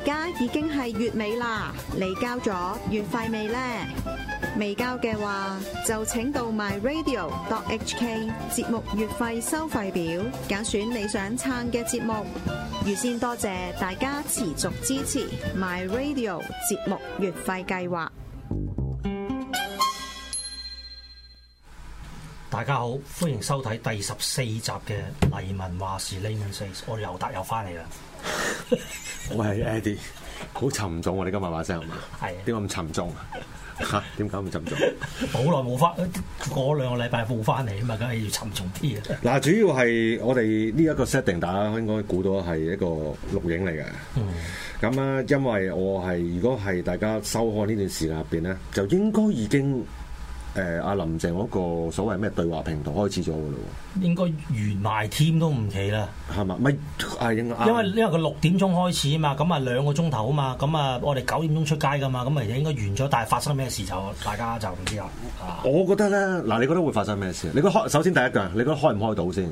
而家已經係月尾啦，你交咗月費未呢？未交嘅話，就請到 myradio.hk 節目月費收費表，揀選你想撐嘅節目。預先多謝大家持續支持 myradio 節目月費計劃。大家好，歡迎收睇第十四集嘅《黎民話事》， 我尤達又翻嚟啦。 我係 Eddie，好沉重啊！你今日把聲係嘛？係點解咁沉重啊？吓點解咁沉重？好耐冇翻，過兩個禮拜冇翻嚟啊嘛，梗係要沉重啲啊！嗱，主要係我哋呢一個 setting，大家應該估到係一個錄影嚟嘅。咁啊，因為我係如果係大家收看呢段時間入邊咧，就應該已經。誒、呃、阿林鄭嗰個所謂咩對話平台開始咗嘅咯喎，應該完埋添都唔奇啦，係嘛？咪因，因為因為佢六點鐘開始啊嘛，咁啊兩個鐘頭啊嘛，咁啊我哋九點鐘出街噶嘛，咁啊應該完咗，但係發生咩事就大家就唔知啦。我覺得咧，嗱，你覺得會發生咩事？你覺得開首先第一嘅，你覺得開唔開到先？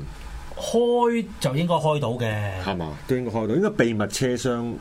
開就應該開到嘅，係嘛？都應該開到，應該秘密車廂送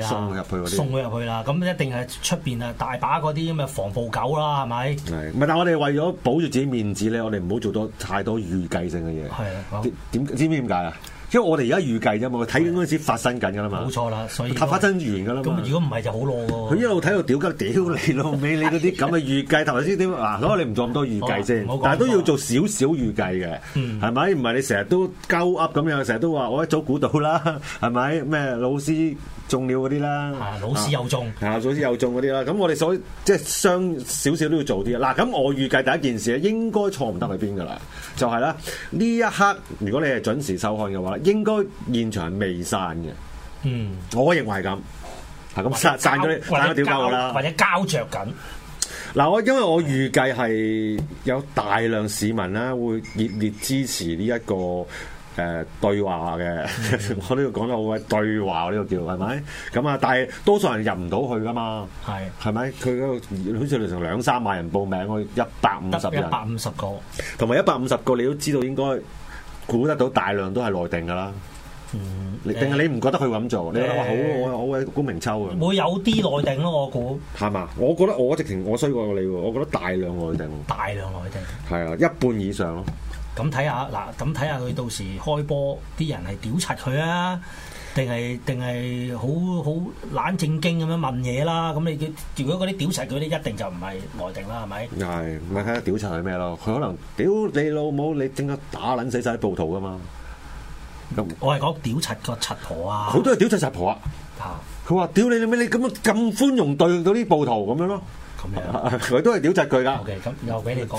送入去啲，送佢入去啦。咁一定係出邊啊，大把嗰啲咁嘅防暴狗啦，係咪？係，唔係？但係我哋為咗保住自己面子咧，我哋唔好做多太多預計性嘅嘢。係啊，點知唔知點解啊？因為我哋而家預計啫嘛，睇緊嗰陣時發生緊噶啦嘛。冇錯啦，所以發生完噶啦嘛。咁如果唔係就好攞喎。佢一路睇到屌吉屌你咯，俾 你嗰啲咁嘅預計。頭先點嗱？可、啊、你唔做咁多預計先，啊、但係都要做少少預計嘅，係、嗯、咪？唔係你成日都鳩噏咁樣，成日都話我一早估到啦，係咪咩老師？中了嗰啲啦，啊，老師又中，啊，老師又中嗰啲啦。咁我哋所即係相少少都要做啲嗱，咁我預計第一件事咧，應該錯唔得去邊噶啦？就係咧，呢一刻如果你係準時收看嘅話，應該現場未散嘅。嗯，我認為係咁。啊，咁散咗散咗啲啦？或者膠着緊？嗱，我因為我預計係有大量市民啦，會熱烈支持呢一個。誒、呃，對話嘅，嗯、 我呢度講得好鬼對話，我呢度叫係咪？咁啊，但係多數人入唔到去噶嘛，係係咪？佢嗰度好似嚟成兩三萬人報名，我一百五十人，一百五十個，同埋一百五十個，你都知道應該估得到大量都係內定噶啦。定、嗯、係你唔、欸、覺得佢咁做、欸？你覺得話好，好鬼公平抽嘅，會有啲內定咯，我估係嘛？我覺得我直情我衰過你喎，我覺得大量內定，大量內定，係啊，一半以上咯。咁睇下嗱，咁睇下佢到時開波，啲人係屌柒佢啊，定係定係好好懶正經咁樣問嘢啦。咁你如果嗰啲屌柒佢咧，你一定就唔係內定啦，係咪？係，咪睇下屌柒係咩咯？佢可能屌你老母，你點解打撚死曬啲暴徒噶嘛？我係講屌柒個柒婆啊！好多係屌柒柒婆啊！佢話屌你你咩？你咁樣咁寬容對嗰啲暴徒咁樣咯？咁 佢都係屌窒佢㗎。OK，咁 又俾你講，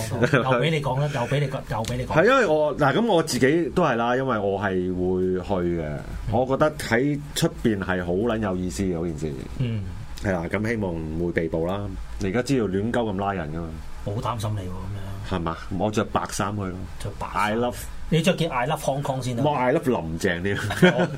又俾你講啦，又俾你，又俾你講。係 因為我嗱咁，我自己都係啦，因為我係會去嘅。嗯、我覺得喺出邊係好撚有意思嘅一件事。嗯是的，係啦，咁希望唔會被捕啦。你而家知道亂鳩咁拉人㗎嘛？好擔心你喎，咁樣係嘛？我着白衫去咯。着大 o 你着件 I Love Hong Kong 先，哇麼麼啊！我 I Love 林鄭添，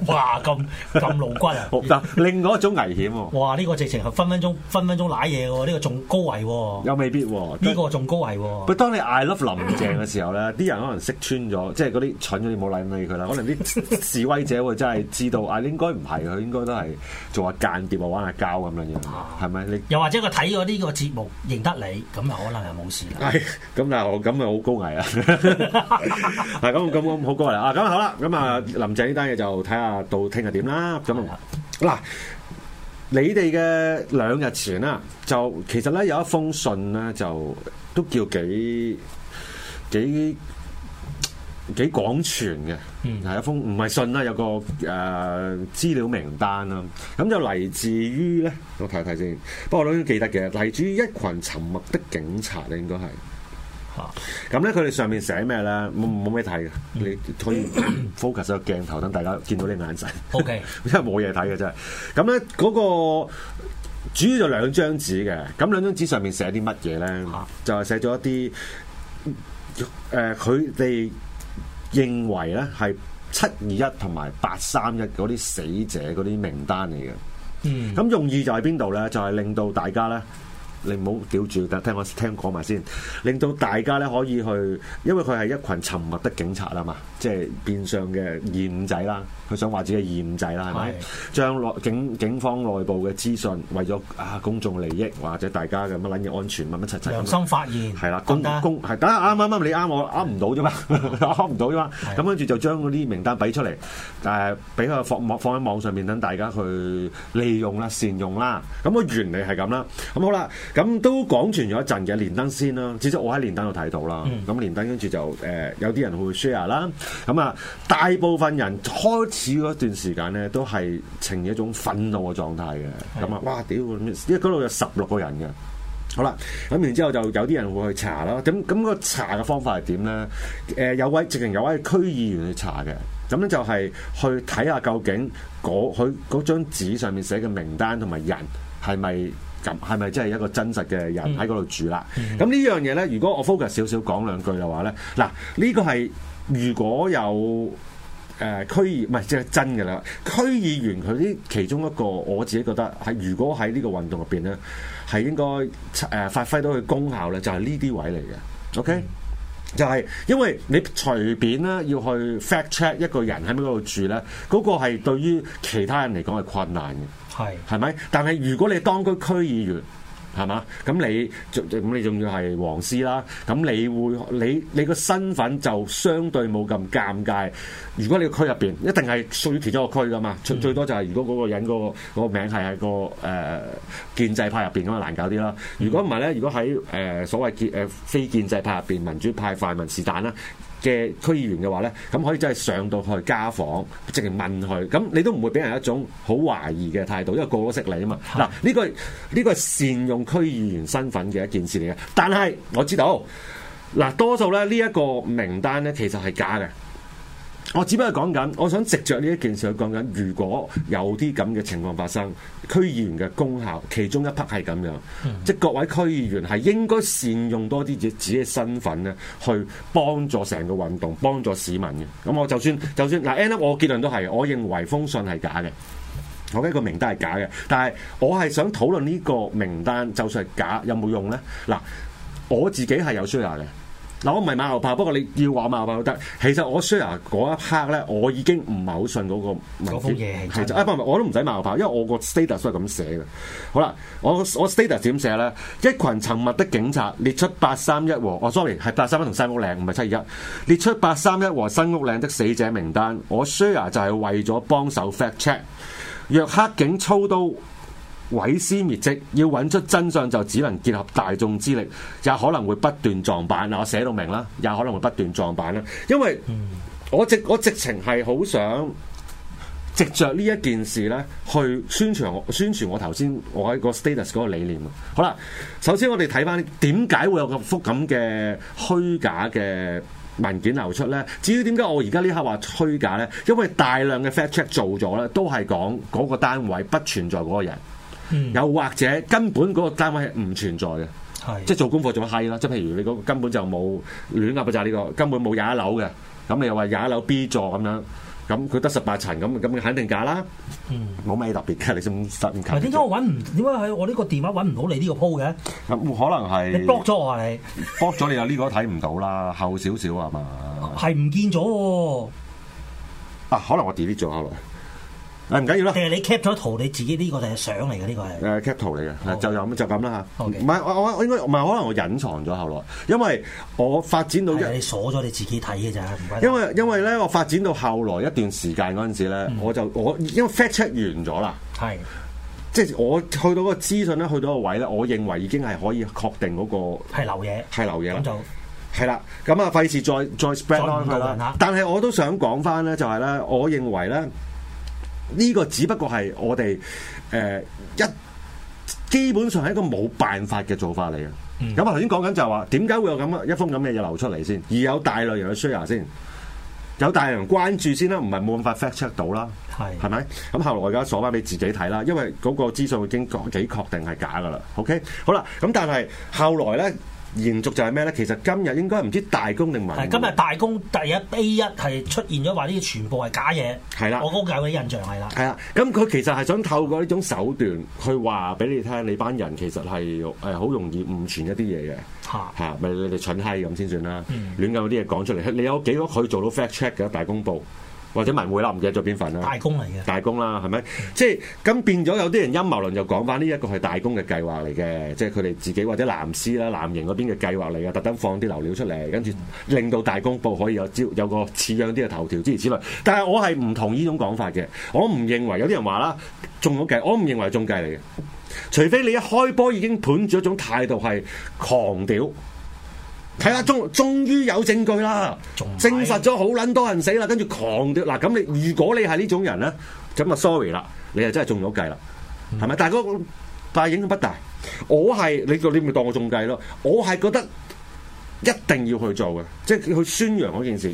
哇咁咁露骨啊！得。另外一種危險喎、啊，哇！呢個直情係分分鐘分分鐘攋嘢喎，呢個仲高危喎、啊。又未必喎、啊，呢個仲高危喎、啊。當你 I Love 林鄭嘅時候咧，啲人可能識穿咗，即係嗰啲蠢咗你冇理理佢啦，可能啲示威者會真係知道啊，應該唔係佢，應該都係做下間諜啊，玩下膠咁樣樣，係咪？你又或者佢睇咗呢個節目，認得你咁啊，咁可能又冇事啦。係咁，嗱，咁咪好高危啊！ 係咁咁好，過嚟啊！咁好啦，咁啊林鄭呢單嘢就睇下到聽日點啦。咁嗱，你哋嘅兩日前啦，就其實咧有一封信咧，就都叫幾幾幾廣傳嘅。嗯，係一封唔係信啦，有個誒資料名單啦。咁就嚟自於咧，我睇睇先。不過我都記得嘅，嚟自於一群沉默的警察你應該係。咁咧，佢哋上面寫咩咧？冇冇咩睇嘅，你可以 focus 個鏡頭，等大家見到啲眼神。O K，因為冇嘢睇嘅真係。咁咧，嗰個主要就兩張紙嘅。咁兩張紙上面寫啲乜嘢咧？就係寫咗一啲，呃，佢哋認為咧係七二一同埋八三一嗰啲死者嗰啲名單嚟嘅。咁用意就喺邊度咧？就係令到大家咧。你唔好屌住，等聽我聽講埋先，令到大家咧可以去。因為佢係一群沉默的警察啦嘛，即係變相嘅二五仔啦，佢想話自己係二五仔啦，係咪？將內警警方內部嘅資訊，為咗啊，公眾利益或者大家嘅乜撚嘢安全乜乜柒柒，良心發現係啦，啊、公公係等下啱啱啱，你啱我啱唔到啫嘛，啱唔到啫嘛，咁跟住就將嗰啲名單俾出嚟，誒俾佢放放喺網上面，等大家去利用啦、善用啦，咁個原理係咁啦，咁好啦。咁都廣傳咗一陣嘅，連登先啦。至少我喺連登度睇到啦。咁連登跟住就誒、呃、有啲人會 share 啦。咁啊，大部分人開始嗰段時間咧，都係呈現一種憤怒嘅狀態嘅。咁啊，哇屌！因為嗰度有十六個人嘅。好啦，咁然之後就有啲人會去查啦。咁咁、嗰個查嘅方法係點咧？誒有位直情有位區議員去查嘅。咁咧就係去睇下究竟嗰佢嗰張紙上面寫嘅名單同埋人係咪？係咪真係一個真實嘅人喺嗰度住啦？咁、嗯嗯、呢樣嘢咧，如果我 focus 少少講兩句嘅話咧，嗱呢、呢個係如果有誒、呃、區議，唔係即係真嘅啦。區議員佢啲其中一個，我自己覺得係如果喺呢個運動入邊咧，係應該誒發揮到佢功效咧、okay? 嗯，就係呢啲位嚟嘅。OK，就係因為你隨便咧要去 fact check 一個人喺邊度住咧，嗰、嗰個係對於其他人嚟講係困難嘅。係，係咪？但係如果你當區區,區議員，係嘛？咁你，咁你仲要係黃絲啦。咁你會，你你個身份就相對冇咁尷尬。如果你個區入邊，一定係屬於其中一個區噶嘛。最、嗯、最多就係如果嗰個人嗰、嗰個名係喺、嗰個誒、呃、建制派入邊咁啊，難搞啲啦不。如果唔係咧，如果喺誒所謂建誒、呃、非建制派入邊，民主派泛民是但啦。嘅區議員嘅話呢，咁可以真係上到去家訪，直情問佢，咁你都唔會俾人一種好懷疑嘅態度，因為個個識你啊嘛。嗱、啊、呢、這個呢、這個係善用區議員身份嘅一件事嚟嘅，但係我知道，嗱多數呢一、這個名單呢，其實係假嘅。我只不過講緊，我想藉着呢一件事去講緊。如果有啲咁嘅情況發生，區議員嘅功效其中一匹係咁樣，即係各位區議員係應該善用多啲自己嘅身份咧去幫助成個運動，幫助市民嘅。咁我就算就算嗱，我結論都係，我認為封信係假嘅，我嘅個名單係假嘅。但係我係想討論呢個名單，就算係假，有冇用咧？嗱，我自己係有需要嘅。嗱，我唔係馬後炮，不過你要話馬後炮都得。其實我 share 嗰一刻咧，我已經唔係好信嗰個文件係就啊，不，不，不，我都唔使馬後炮，因為我個 status 都係咁寫嘅。好啦，我我 status 點寫咧？一群沉默的警察列出八三一和哦，oh，sorry 係八三一同新屋嶺，唔係七二一列出八三一和新屋嶺的死者名單。我 share 就係為咗幫手 fact check 若黑警操刀。毀屍滅跡，要揾出真相就只能結合大眾之力，也可能會不斷撞板。嗱，我寫到明啦，也可能會不斷撞板啦，因為我直我直情係好想藉着呢一件事咧，去宣傳我宣傳我頭先我喺個 status 嗰個理念啊。好啦，首先我哋睇翻點解會有咁多咁嘅虛假嘅文件流出咧？至於點解我而家呢刻話虛假咧？因為大量嘅 fact check 做咗咧，都係講嗰個單位不存在嗰個人。嗯、又或者根本嗰個單位係唔存在嘅，即係做功課做閪啦。即係譬如你嗰根本就冇亂壓，就係呢個根本冇廿一樓嘅。咁你又話廿一樓 B 座咁樣，咁佢得十八層，咁咁肯定假啦。冇、嗯、咩特別噶，你先唔近。嗱，點解我搵唔？點解係我呢個電話搵唔到你呢個鋪嘅？可能係你 block 咗啊！你 block 咗，你又呢個睇唔到啦，後少少係嘛？係唔見咗、哦？啊，可能我 delete 咗啊？唔緊要啦。其實你 cap 咗圖你自己呢個係相嚟嘅，呢、這個係誒 cap 圖嚟嘅，okay. 就就就咁啦吓。唔係我我應該唔係，可能我隱藏咗後來，因為我發展到你鎖咗你自己睇嘅咋。因為因為咧，我發展到後來一段時間嗰陣時咧、嗯，我就我因為 fact check 完咗啦，係即係我去到個資訊咧，去到個位咧，我認為已經係可以確定嗰、那個係流嘢，係流嘢啦。咁就係啦，咁啊費事再再 spread on 啦。但係我都想講翻咧，就係、是、咧，我認為咧。呢、這個只不過係我哋誒、呃、一基本上係一個冇辦法嘅做法嚟啊！咁、嗯、啊，頭先講緊就係話點解會有咁一封咁嘅嘢流出嚟先，而有大量人去 share 先，有大量人關注先啦，唔係冇辦法 fact check 到啦，係係咪？咁後來而家鎖返畀自己睇啦，因為嗰個資訊已經幾確定係假噶啦。OK，好啦，咁但係後來咧。延續就係咩咧？其實今日應該唔知大公定文。係今日大公第一 A 一係出現咗話呢啲全部係假嘢。係啦，我都有嗰印象係啦。係啦，咁佢其實係想透過呢種手段去話俾你聽，你班人其實係誒好容易誤傳一啲嘢嘅。嚇係咪你哋蠢閪咁先算啦？嗯、亂咁有啲嘢講出嚟，你有幾多可以做到 fact check 嘅大公報？或者文匯啦，唔記得咗邊份啦。大公嚟嘅，大公啦，係咪？ 即係咁變咗有啲人陰謀論就講翻呢一個係大公嘅計劃嚟嘅，即係佢哋自己或者藍絲啦、藍營嗰邊嘅計劃嚟啊，特登放啲流料出嚟，跟住令到大公報可以有招有個似樣啲嘅頭條之如此類。但係我係唔同意呢種講法嘅，我唔認為有啲人話啦，中咗計，我唔認為係中計嚟嘅。除非你一開波已經盤住一種態度係狂屌。睇下終終於有證據啦，證實咗好捻多人死啦，跟住狂掉嗱。咁你如果你係呢種人咧，咁啊 sorry 啦，你又真係中咗計啦，係、嗯、咪？但係嗰個但係影響不大。我係你，你咪當我中計咯。我係覺得一定要去做嘅，即係去宣揚嗰件事，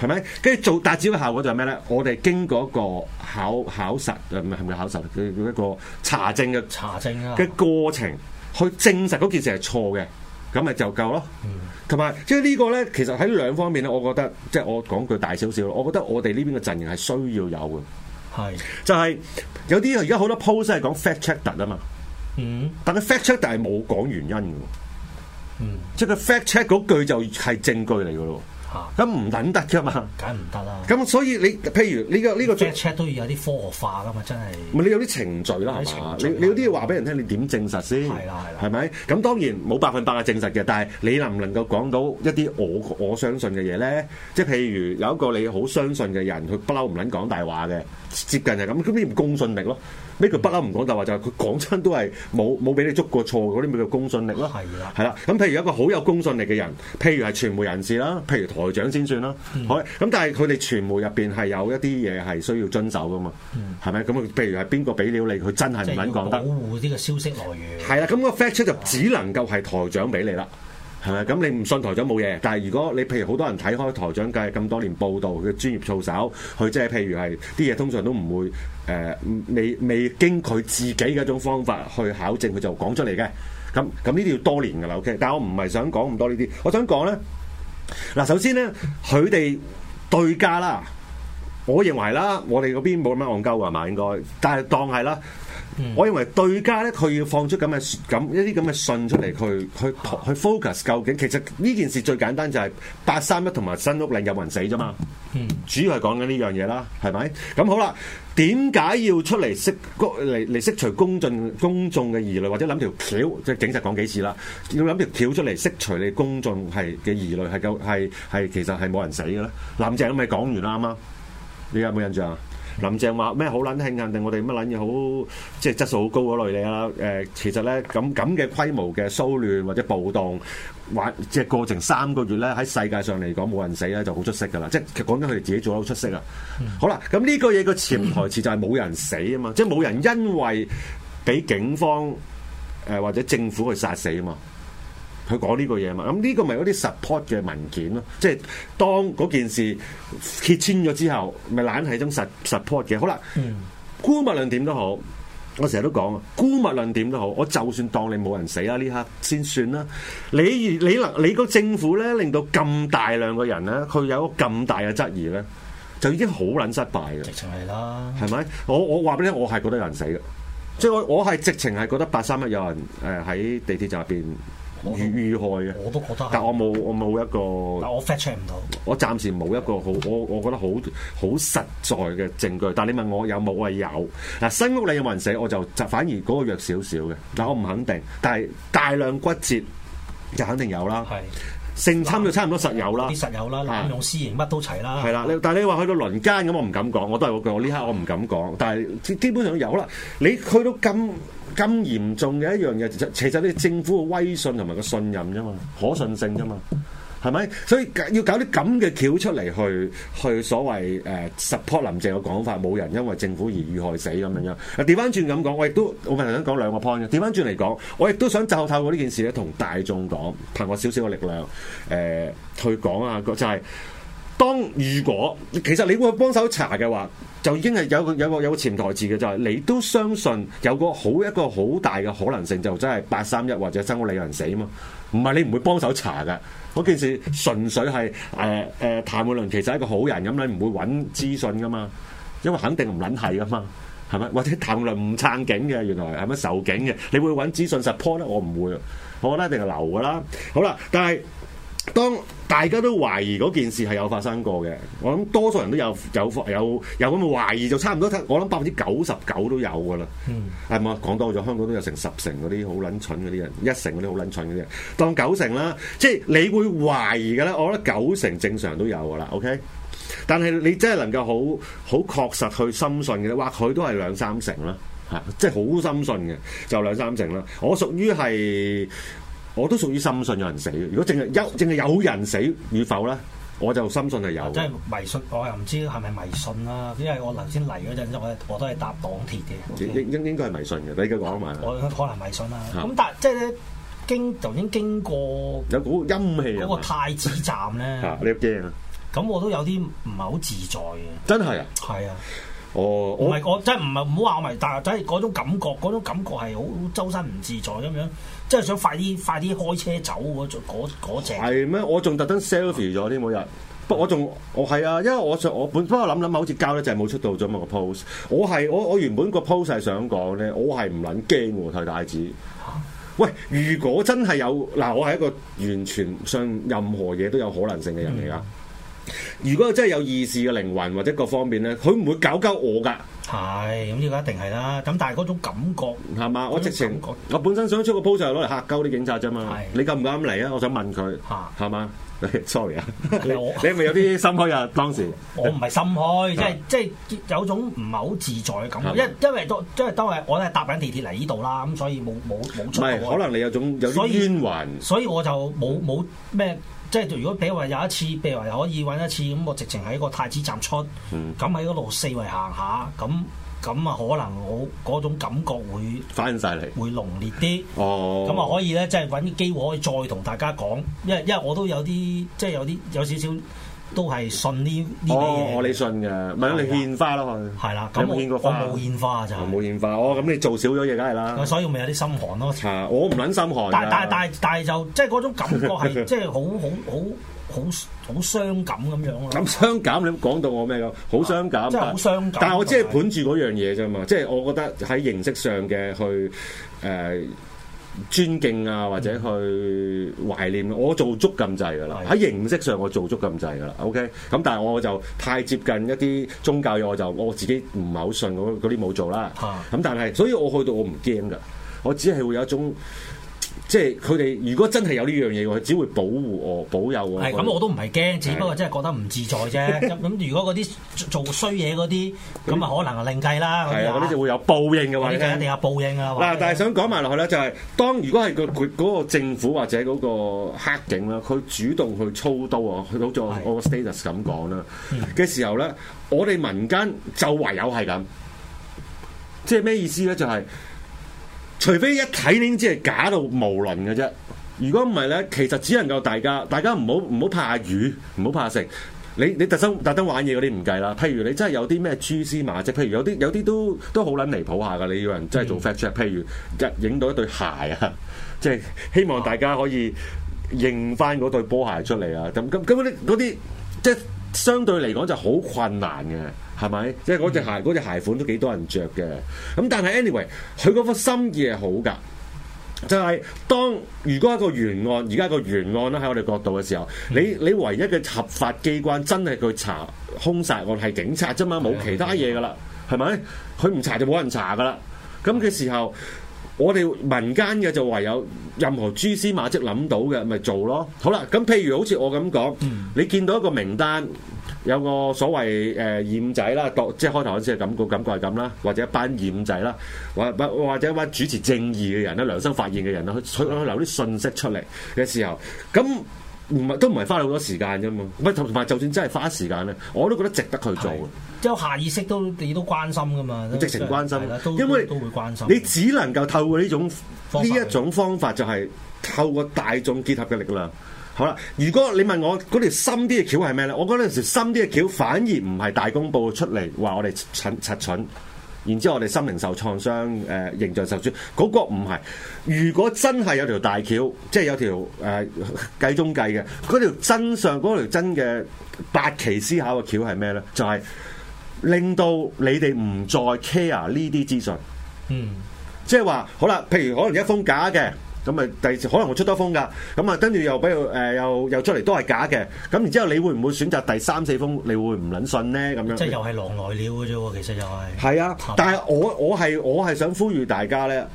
係咪？跟住做，達至嘅效果就係咩咧？我哋經過一個考考實係咪考實？佢、呃、一個查證嘅查，查證啊嘅過程，去證實嗰件事係錯嘅。咁咪就夠咯，同埋即係呢個咧，其實喺兩方面咧，我覺得即係我講句大少少，我覺得我哋呢邊嘅陣營係需要有嘅，係就係有啲而家好多 post 係講 fact check 啊嘛，嗯，但係 fact check 係冇講原因嘅，嗯，即係 fact check 嗰句就係證據嚟嘅咯。咁唔等得噶嘛，梗唔得啦。咁、啊啊啊、所以你譬如呢個呢個 check 都要有啲科學化噶嘛，真係。唔係你有啲程序啦，你你有啲話俾人聽，你點證實先？係啦係啦。係咪？咁當然冇百分百嘅證實嘅，但係你能唔能夠講到一啲我我相信嘅嘢咧？即係譬如有一個你好相信嘅人，佢不嬲唔撚講大話嘅。接近就咁、是，咁邊叫公信力咯？呢個不嬲唔講大話，就係佢講親都係冇冇俾你捉過錯嗰啲咪叫公信力咯？係啦，係啦。咁譬如一個好有公信力嘅人，譬如係傳媒人士啦，譬如台長先算啦、嗯。好咁，但係佢哋傳媒入面係有一啲嘢係需要遵守噶嘛？係、嗯、咪？咁譬如係邊個俾料你，佢真係唔肯講得。就是、保護呢個消息來源。係啦，咁、個 fact 就只能夠係台長俾你啦。係咪咁？你唔信台長冇嘢，但係如果你譬如好多人睇開台長，計咁多年報道嘅專業操守，佢即係譬如係啲嘢，通常都唔會、呃、未未經佢自己嘅一種方法去考證，佢就講出嚟嘅。咁咁呢啲要多年噶啦，OK。但係我唔係想講咁多呢啲，我想講咧嗱，首先咧佢哋對價啦，我認為啦，我哋嗰邊冇乜戇鳩啊嘛，應該，但係當係啦。 我認為對家咧，佢要放出咁嘅咁一啲咁嘅信出嚟，佢佢去 focus，究竟其實呢件事最簡單就係八三一同埋新屋嶺有冇人死啫嘛。 主要係講緊呢樣嘢啦，係咪？咁好啦，點解要出嚟釋嚟嚟釋除公眾公眾嘅疑慮，或者諗條橋，即係警察講幾次啦？要諗條橋出嚟釋除你公眾係嘅疑慮，係夠係係，其實係冇人死嘅咧。林鄭咪講完啦啱啱，你有冇印象啊？林鄭話咩好撚慶幸？定我哋乜撚嘢好，即係質素好高嗰類嚟啦？誒、呃，其實咧咁咁嘅規模嘅騷亂或者暴動，或即係過程三個月咧，喺世界上嚟講冇人死咧就好出色噶啦！即係講緊佢哋自己做得好出色啊！嗯、好啦，咁呢個嘢個潛台詞就係冇人死啊嘛，嗯、即係冇人因為俾警方誒、呃、或者政府去殺死啊嘛。佢講呢個嘢嘛？咁呢個咪嗰啲 support 嘅文件咯，即係當嗰件事揭穿咗之後，咪懶係一種 support 嘅。好啦，姑勿論點都好，我成日都講啊，姑勿論點都好，我就算當你冇人死啦、啊，呢刻先算啦。你你能你個政府咧，令到咁大量嘅人咧，佢有咁大嘅質疑咧，就已經好撚失敗嘅。直情係啦，係咪？我我話俾你聽，我係覺得有人死嘅，即係我我係直情係覺得八三一有人誒喺地鐵站入邊。遇遇害嘅，我都覺得。但我冇我冇一個，但我 fact check 唔到。我暫時冇一個好，我我覺得好好實在嘅證據。但係你問我有冇啊？有嗱新屋你有冇人死？我就就反而嗰個弱少少嘅。但我唔肯定，但係大量骨折就肯定有啦。性侵就差唔多實有啦，啲實有啦，濫、啊、用私刑乜都齊啦。係啦、啊啊啊，但係你話去到輪奸咁，我唔敢講，我都係嗰句，我呢刻我唔敢講。但係基本上有啦，你去到咁。咁嚴重嘅一樣嘢，其實呢政府嘅威信同埋個信任啫嘛，可信性啫嘛，係咪？所以要搞啲咁嘅橋出嚟，去去所謂誒、呃、support 林鄭嘅講法，冇人因為政府而遇害死咁樣樣。啊，調翻轉咁講，我亦都我咪頭先講兩個 point 嘅，調翻轉嚟講，我亦都想就透過呢件事咧，同大眾講，憑我少少嘅力量誒、呃、去講啊，就係、是。當如果其實你會去幫手查嘅話，就已經係有個有個有個潛台詞嘅，就係、是、你都相信有個好一個好一個大嘅可能性，就真係八三一或者新屋嶺有人死嘛。唔係你唔會幫手查嘅，嗰件事純粹係誒誒譚詠麟其實係一個好人，咁你唔會揾資訊噶嘛，因為肯定唔撚係噶嘛，係咪？或者譚詠麟唔撐警嘅，原來係咪受警嘅？你會揾資訊 support 咧？我唔會，我覺得一定係流噶啦。好啦，但係。當大家都懷疑嗰件事係有發生過嘅，我諗多數人都有有有有咁嘅懷疑，就差唔多，我諗百分之九十九都有噶啦。嗯，係咪？講多咗，香港都有成十成嗰啲好撚蠢嗰啲人，一成嗰啲好撚蠢嗰啲人，當九成啦，即係你會懷疑嘅咧，我覺得九成正常都有噶啦。OK，但係你真係能夠好好確實去深信嘅，話佢都係兩三成啦，即係好深信嘅，就兩三成啦。我屬於係。我都屬於深信有人死。如果淨係有，淨係有人死與否咧，我就深信係有。即係迷信，我又唔知係咪迷信啦、啊。因為我頭先嚟嗰陣，我我都係搭港鐵嘅。應、okay? 應應該係迷信嘅，你而家講埋。我可能迷信啦。咁但係即係咧，經頭先經過有嗰個陰氣啊個太子站咧，你驚啊！咁我都有啲唔係好自在嘅。真係啊！係啊！唔、哦、係我，我真係唔係唔好話我咪，但係真嗰種感覺，嗰種感覺係好周身唔自在咁樣，即係想快啲快啲開車走嗰嗰嗰隻。係咩、那個？我仲特登 selfie 咗啲嗰日，不過我仲我係啊，因為我想我本不過我諗諗啊，好似交咧就係冇出到咗嘛個 pose。我係我我原本個 pose 係想講咧，我係唔捻驚喎太大子、啊。喂，如果真係有嗱、呃，我係一個完全信任何嘢都有可能性嘅人嚟噶。嗯如果真係有異事嘅靈魂或者各方面咧，佢唔會搞鳩我噶。係，咁呢個一定係啦。咁但係嗰種感覺係嘛？我直情我本身想出個 post 就係攞嚟嚇鳩啲警察啫嘛。你敢唔敢嚟啊？我想問佢，係嘛？Sorry 啊，Sorry, 你你係咪有啲心虛啊？當時我唔係心虛，即係即係有種唔係好自在嘅感覺，因為因為當因為當係我咧係搭緊地鐵嚟呢度啦，咁所以冇冇冇出。可能你有種有啲冤魂，所以我就冇冇咩。即係如果譬如話有一次譬如話可以揾一次，咁我直情喺個太子站出，咁喺嗰度四圍行下，咁咁啊可能我嗰種感覺會翻晒嚟，會濃烈啲。哦，咁啊可以咧，即係揾啲機會可以再同大家講，因為因為我都有啲即係有啲有少少。有些有些都係信呢呢啲嘢。哦，我你信嘅，唔係你獻花咯。係啦，有冇獻過花？冇獻花就冇獻花。哦，咁你做少咗嘢，梗係啦。所以我咪有啲心寒咯。係，我唔捻心寒但。但係但但係就即係嗰種感覺係即係好好好好好傷感咁樣咯。咁傷感你講到我咩咯？好傷感。傷感即係好傷感。但係我即係本住嗰樣嘢啫嘛，即係我覺得喺形式上嘅去誒。呃尊敬啊，或者去懷念，嗯、我做足禁制噶啦，喺形式上我做足禁制噶啦，OK，咁但係我就太接近一啲宗教嘢，我就我自己唔係好信嗰啲冇做啦，咁但係所以我去到我唔驚噶，我只係會有一種。即係佢哋，如果真係有呢樣嘢，佢只會保護我，保佑我。咁，我都唔係驚，只不過真係覺得唔自在啫。咁 如果嗰啲做衰嘢嗰啲，咁啊可能係另計啦。係啊，嗰啲就會有報應嘅話咧。一定有報應啊。嗱，但係想講埋落去咧，就係、是、當如果係個政府或者嗰個黑警咧，佢、嗯、主動去操刀啊，好似我個 status 咁講啦嘅時候咧，我哋民間就唯有係咁。即係咩意思咧？就係、是。除非一睇你已經知係假到無倫嘅啫。如果唔係咧，其實只能夠大家，大家唔好唔好怕魚，唔好怕食，你你特登特登玩嘢嗰啲唔計啦。譬如你真係有啲咩蛛絲馬跡，譬如有啲有啲都都好撚離譜下嘅。你要人真係做 fact check，嗯、譬如影到一對鞋啊，即係希望大家可以認翻嗰對波鞋出嚟啊。咁咁咁啲嗰啲，即係相對嚟講就好困難嘅。係咪？即係嗰隻鞋，隻、嗯、鞋款都幾多人着嘅。咁、嗯、但係，anyway，佢嗰個心意係好噶。就係、是、當如果一個原案，而家個原案啦，喺我哋角度嘅時候，你你唯一嘅合法機關真係去查凶殺案係警察啫嘛，冇其他嘢噶啦，係、嗯、咪？佢唔查就冇人查噶啦。咁嘅時候，我哋民間嘅就唯有任何蛛絲馬迹諗到嘅咪做咯。好啦，咁譬如好似我咁講，嗯、你見到一個名單。有個所謂誒驗、呃、仔啦，當即開頭我先係感覺感覺係咁啦，或者一班驗仔啦，或或者一班主持正義嘅人啦、良心發現嘅人啦，去去去留啲信息出嚟嘅時候，咁唔係都唔係花好多時間啫嘛。唔係同埋就算真係花時間咧，我都覺得值得去做嘅，即下意識都你都關心噶嘛，直情關心，因為都會關心。你只能夠透過呢種呢一種方法，就係透過大眾結合嘅力量。好啦，如果你問我嗰條深啲嘅橋係咩呢？我嗰陣時深啲嘅橋反而唔係大公佈出嚟話我哋蠢、蠢，然之後我哋心靈受創傷、呃、形象受損。嗰個唔係。如果真係有條大橋，即係有條、呃、計中計嘅，嗰條真相嗰條真嘅八奇思考嘅橋係咩呢？就係令到你哋唔再 care 呢啲資訊。嗯，即係話好啦，譬如可能一封假嘅。咁咪第二次可能我出多封噶，咁啊跟住又俾佢，誒、呃、又又出嚟都係假嘅，咁然之後你會唔會選擇第三四封你會唔撚信咧？咁樣即係又係狼來了嘅啫喎，其實又係係啊！係但係我我係我係想呼籲大家咧，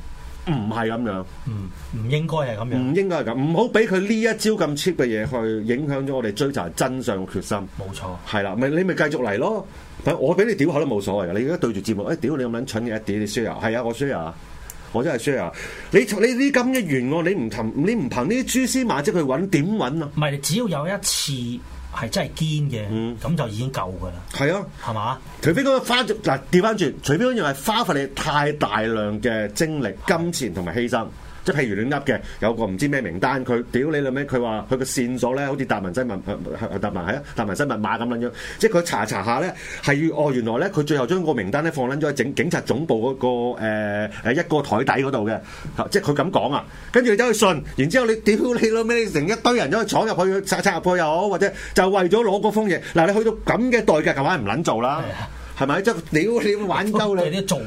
唔係咁樣，唔、嗯、唔應該係咁樣，唔應該係咁，唔好俾佢呢一招咁 cheap 嘅嘢去影響咗我哋追查真相嘅決心。冇錯，係啦、啊，咪你咪繼續嚟咯！但我俾你屌口都冇所謂嘅，你而家對住節目，誒屌你咁撚蠢嘅一屌，你 o u share 係啊，我 share。我真係 share，你你呢啲咁嘅緣喎，你唔、啊、憑你唔憑呢啲蛛絲馬跡去揾，點揾啊？唔係，你只要有一次係真係堅嘅，嗯，咁就已經夠噶啦。係咯、啊，係嘛？除非嗰個花，嗱調翻轉，除非嗰樣係花費你太大量嘅精力、金錢同埋犧牲。即係譬如亂噏嘅，有個唔知咩名單，佢屌你老咩？佢話佢個線索咧，好似達文西密，達文係啊，達文西密碼咁撚樣。即係佢查查下咧，係哦，原來咧佢最後將個名單咧放撚咗整警察總部嗰、嗰個誒一個台底嗰度嘅。即係佢咁講啊，跟住走去信，然之後你屌 你老咩？成一堆人走去闖入去，刷刷入去又好、哦，或者就為咗攞個封嘢。嗱、啊，你去到咁嘅代價嘅話唔撚做啦。 係咪？即係，屌你玩鳩你都做唔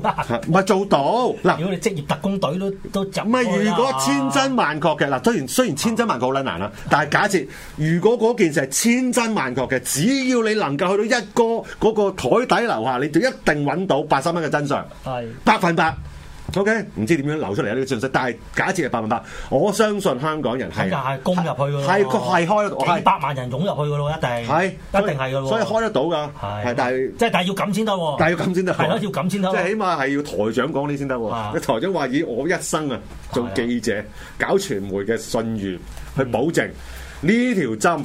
到啦。唔 係做到嗱。如果你職業特工隊都都做唔到啦。唔係如果千真萬確嘅嗱，雖、啊、然雖然千真萬確好卵難啦、啊，但係假設如果嗰件事係千真萬確嘅，只要你能夠去到一哥嗰個台、那個、底樓下，你就一定揾到八十蚊嘅真相，係百分百。OK，唔知點樣流出嚟呢個信息，但係假設係百分百，我相信香港人係攻入去嘅咯，係係開幾百萬人湧入去嘅咯，一定係一定係嘅喎，所以開得到㗎，係但係即係但係要咁先得喎，但係要咁先得係咯，要咁先得，即係、就是、起碼係要台長講呢先得喎，台長話以我一生啊做記者搞傳媒嘅信譽去保證呢、嗯、條、這個、針。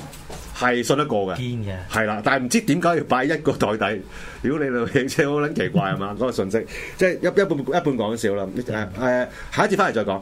係信得過嘅，嘅係啦，但係唔知點解要擺一個袋底？如果你部汽車好撚奇怪係嘛？嗰、 嗰個信息即係一一半一半講笑啦、啊啊。下一節翻嚟再講。